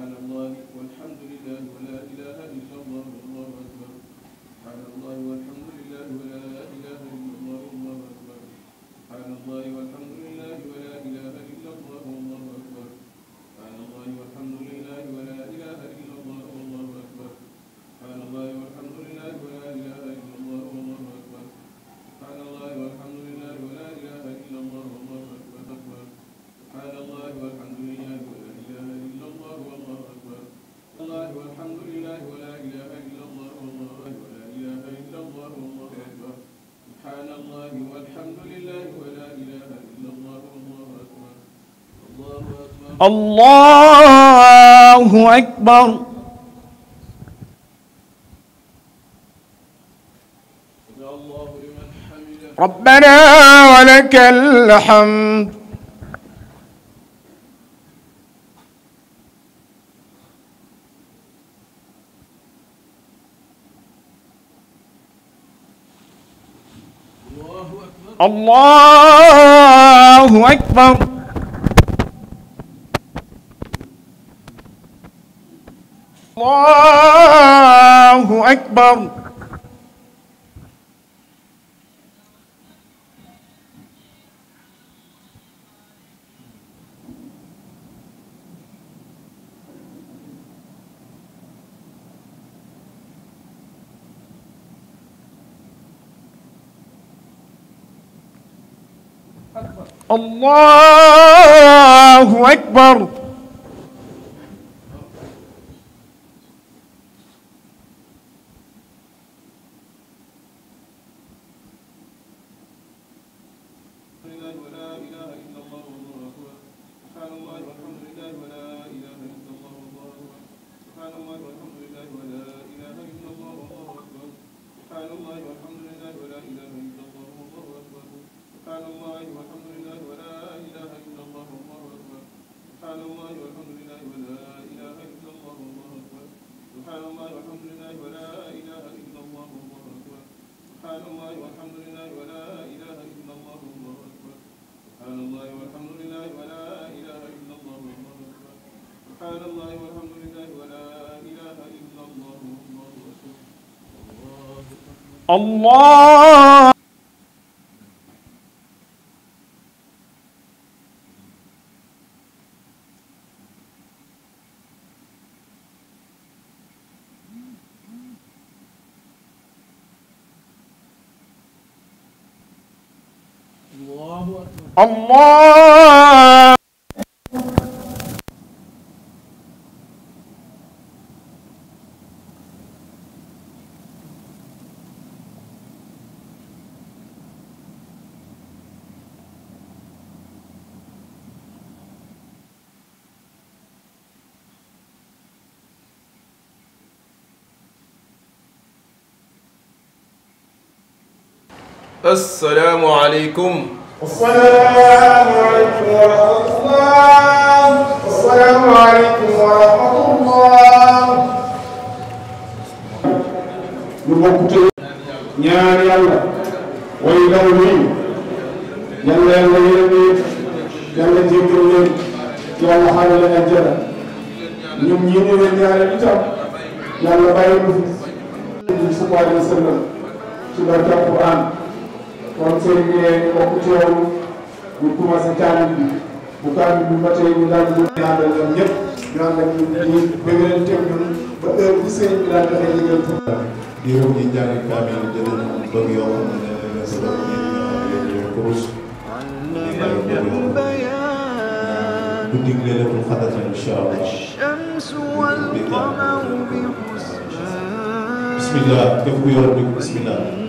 سبحان الله والحمد لله ولا إله إلا الله والله أكبر سبحان الله والحمد لله ولا إله إلا الله والله أكبر سبحان الله والحمد لله ولا إله الله أكبر ربنا ولك الحمد الله أكبر الله أكبر الله أكبر سبحان الله والحمد لله ولا إله إلا الله والله أكبر سبحان الله والحمد لله الله الله asalaamualeykum. asalaamualeykum wa rahmatulah. asalaamualeykum wa rahmatulah. ñu bokk ci ñaan yàlla. way daw nii. yàlla yàlla yërëm leen. yàlla jéggal leen. yàlla xamal leen àjjana. ñoom ñii ñu leen ñaanal itam. yàlla bàyyi ñu fi. sallallahu alayhi wa sallam ci barke Alquran kon sëriñ bi bokk teew ñu commencé kaamil bi bu kaamil bi ba tey ñu daal di ñu àndal ñoom ñëpp ñu àndal ñu ñu bëgg teew ñun ba heure bi sëriñ bi daal joxe ndigal pour di réew ñi jàng kaamil jëlee na doom yoo xam ne ne la sa doom ñi ñu kurus di nga yóbbu yoo du digle la mu xadat insha Allah bismillah képp ku yor di bismillah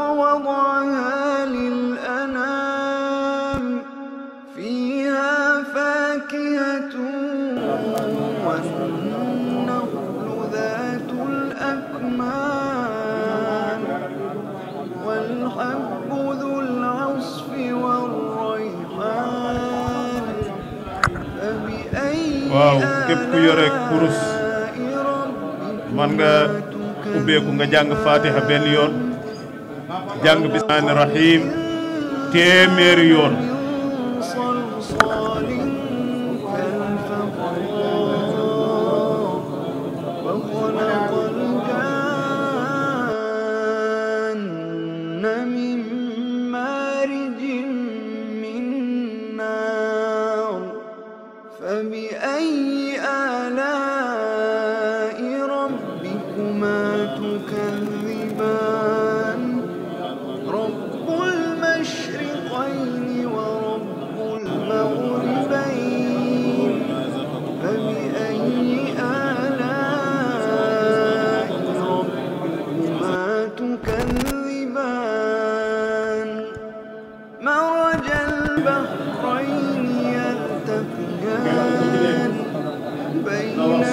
képp ku man nga ubbeeku nga jàng fatiha benn yoon jàng bismillahi rahim téeméeri yoon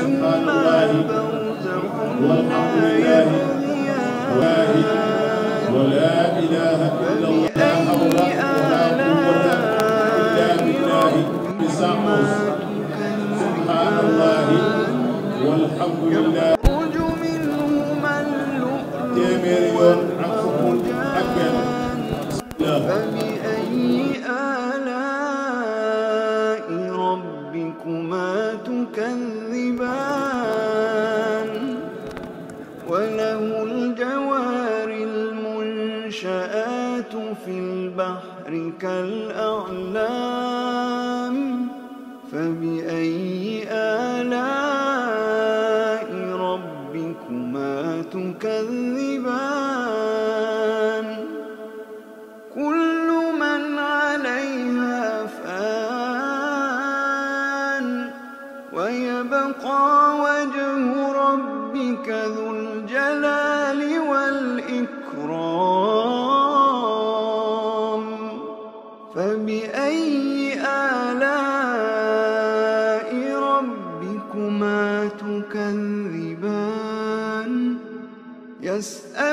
سبحان الله والحمد لله واحد ولا إله إلا الله لا حول ولا قوة إلا بالله بسعوس سبحان الله والحمد لله تكذبان وله الجوار المنشآت في البحر كالأعلام ويبقى وجه ربك ذو الجلال والإكرام فبأي آلاء ربكما تكذبان يسأل